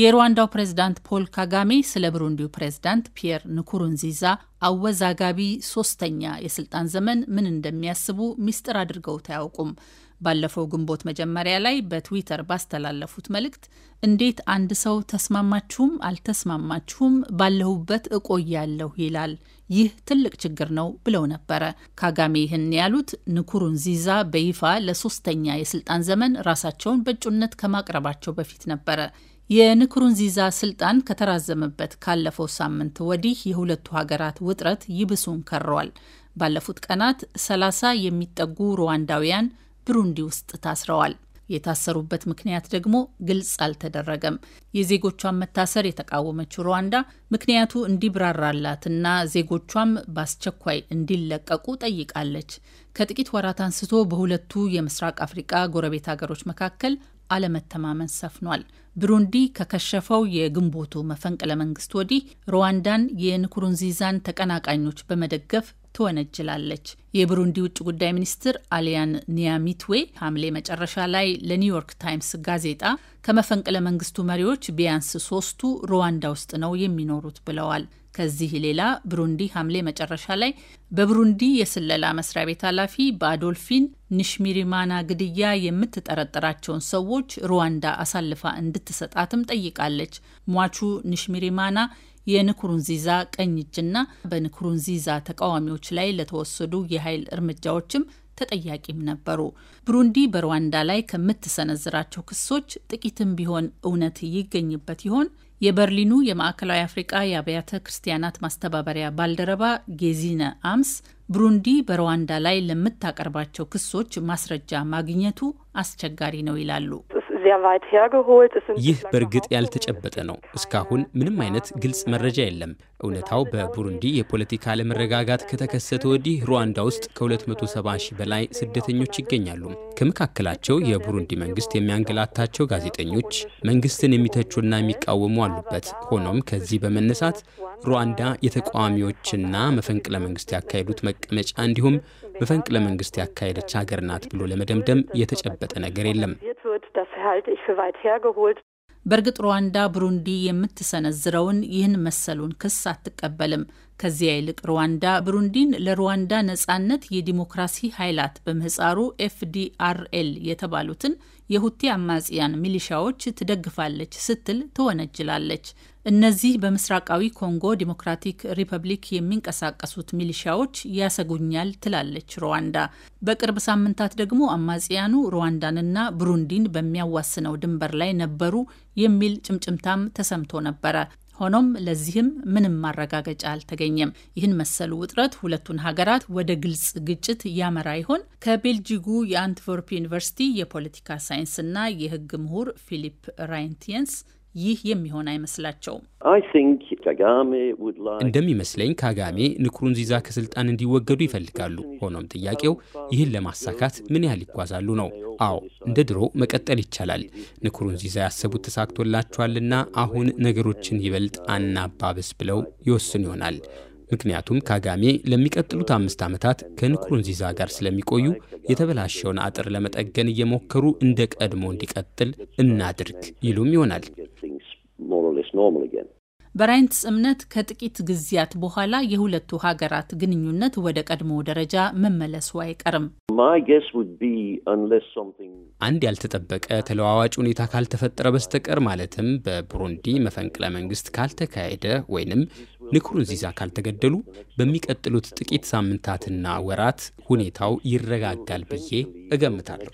የሩዋንዳው ፕሬዝዳንት ፖል ካጋሜ ስለ ብሩንዲው ፕሬዝዳንት ፒየር ንኩሩንዚዛ አወዛጋቢ ሶስተኛ የስልጣን ዘመን ምን እንደሚያስቡ ሚስጥር አድርገውት አያውቁም። ባለፈው ግንቦት መጀመሪያ ላይ በትዊተር ባስተላለፉት መልእክት እንዴት አንድ ሰው ተስማማችሁም አልተስማማችሁም ባለሁበት እቆያለሁ ይላል፣ ይህ ትልቅ ችግር ነው ብለው ነበረ። ካጋሜ ይህን ያሉት ንኩሩንዚዛ በይፋ ለሶስተኛ የስልጣን ዘመን ራሳቸውን በእጩነት ከማቅረባቸው በፊት ነበረ። የንኩሩንዚዛ ስልጣን ከተራዘመበት ካለፈው ሳምንት ወዲህ የሁለቱ ሀገራት ውጥረት ይብሱን ከረዋል። ባለፉት ቀናት ሰላሳ የሚጠጉ ሩዋንዳውያን ብሩንዲ ውስጥ ታስረዋል። የታሰሩበት ምክንያት ደግሞ ግልጽ አልተደረገም። የዜጎቿን መታሰር የተቃወመችው ሩዋንዳ ምክንያቱ እንዲብራራላትና ዜጎቿም በአስቸኳይ እንዲለቀቁ ጠይቃለች። ከጥቂት ወራት አንስቶ በሁለቱ የምስራቅ አፍሪቃ ጎረቤት ሀገሮች መካከል አለመተማመን ሰፍኗል። ብሩንዲ ከከሸፈው የግንቦቱ መፈንቅለ መንግስት ወዲህ ሩዋንዳን የንኩሩንዚዛን ተቀናቃኞች በመደገፍ ትወነጅላለች። የብሩንዲ ውጭ ጉዳይ ሚኒስትር አሊያን ኒያሚትዌ ሐምሌ መጨረሻ ላይ ለኒውዮርክ ታይምስ ጋዜጣ ከመፈንቅለ መንግስቱ መሪዎች ቢያንስ ሶስቱ ሩዋንዳ ውስጥ ነው የሚኖሩት ብለዋል። ከዚህ ሌላ ብሩንዲ ሐምሌ መጨረሻ ላይ በብሩንዲ የስለላ መስሪያ ቤት ኃላፊ በአዶልፊን ንሽሚሪማና ግድያ የምትጠረጥራቸውን ሰዎች ሩዋንዳ አሳልፋ እንድትሰጣትም ጠይቃለች። ሟቹ ንሽሚሪማና የንኩሩንዚዛ ቀኝ እጅና በንኩሩንዚዛ ተቃዋሚዎች ላይ ለተወሰዱ የ የኃይል እርምጃዎችም ተጠያቂም ነበሩ። ብሩንዲ በሩዋንዳ ላይ ከምትሰነዝራቸው ክሶች ጥቂትም ቢሆን እውነት ይገኝበት ይሆን? የበርሊኑ የማዕከላዊ አፍሪቃ የአብያተ ክርስቲያናት ማስተባበሪያ ባልደረባ ጌዚነ አምስ ብሩንዲ በሩዋንዳ ላይ ለምታቀርባቸው ክሶች ማስረጃ ማግኘቱ አስቸጋሪ ነው ይላሉ። ይህ በእርግጥ ያልተጨበጠ ነው። እስካሁን ምንም አይነት ግልጽ መረጃ የለም። እውነታው በቡሩንዲ የፖለቲካ አለመረጋጋት ከተከሰተ ወዲህ ሩዋንዳ ውስጥ ከ270 ሺህ በላይ ስደተኞች ይገኛሉ። ከመካከላቸው የቡሩንዲ መንግስት የሚያንገላታቸው ጋዜጠኞች፣ መንግስትን የሚተቹና የሚቃወሙ አሉበት። ሆኖም ከዚህ በመነሳት ሩዋንዳ የተቃዋሚዎችና መፈንቅለ መንግስት ያካሄዱት መቀመጫ እንዲሁም መፈንቅለ መንግስት ያካሄደች ሀገር ናት ብሎ ለመደምደም የተጨበጠ ነገር የለም። halte ich für weit hergeholt. በእርግጥ ሩዋንዳ ብሩንዲ የምትሰነዝረውን ይህን መሰሉን ክስ አትቀበልም። ከዚያ ይልቅ ሩዋንዳ ብሩንዲን ለሩዋንዳ ነጻነት የዲሞክራሲ ኃይላት በምህፃሩ ኤፍዲአርኤል የተባሉትን የሁቲ አማጽያን ሚሊሻዎች ትደግፋለች ስትል ትወነጅላለች። እነዚህ በምስራቃዊ ኮንጎ ዲሞክራቲክ ሪፐብሊክ የሚንቀሳቀሱት ሚሊሻዎች ያሰጉኛል ትላለች ሩዋንዳ። በቅርብ ሳምንታት ደግሞ አማጽያኑ ሩዋንዳንና ብሩንዲን በሚያዋስነው ድንበር ላይ ነበሩ የሚል ጭምጭምታም ተሰምቶ ነበረ። ሆኖም ለዚህም ምንም ማረጋገጫ አልተገኘም። ይህን መሰሉ ውጥረት ሁለቱን ሀገራት ወደ ግልጽ ግጭት ያመራ ይሆን? ከቤልጂጉ የአንትቨርፕ ዩኒቨርሲቲ የፖለቲካ ሳይንስና የሕግ ምሁር ፊሊፕ ራይንቲየንስ ይህ የሚሆን አይመስላቸውም። እንደሚመስለኝ ካጋሜ ንኩሩንዚዛ ከስልጣን እንዲወገዱ ይፈልጋሉ። ሆኖም ጥያቄው ይህን ለማሳካት ምን ያህል ይጓዛሉ ነው። አዎ እንደ ድሮ መቀጠል ይቻላል። ንኩሩንዚዛ ያሰቡት ተሳክቶላቸዋልና አሁን ነገሮችን ይበልጥ አናባብስ ብለው ይወስኑ ይሆናል። ምክንያቱም ካጋሜ ለሚቀጥሉት አምስት ዓመታት ከንኩሩንዚዛ ጋር ስለሚቆዩ የተበላሸውን አጥር ለመጠገን እየሞከሩ እንደ ቀድሞ እንዲቀጥል እናድርግ ይሉም ይሆናል። በራይንትስ እምነት ከጥቂት ጊዜያት በኋላ የሁለቱ ሀገራት ግንኙነት ወደ ቀድሞ ደረጃ መመለሱ አይቀርም። አንድ ያልተጠበቀ ተለዋዋጭ ሁኔታ ካልተፈጠረ በስተቀር ማለትም በቡሩንዲ መፈንቅለ መንግስት ካልተካሄደ ወይንም ንኩሩንዚዛ ካልተገደሉ በሚቀጥሉት ጥቂት ሳምንታትና ወራት ሁኔታው ይረጋጋል ብዬ እገምታለሁ።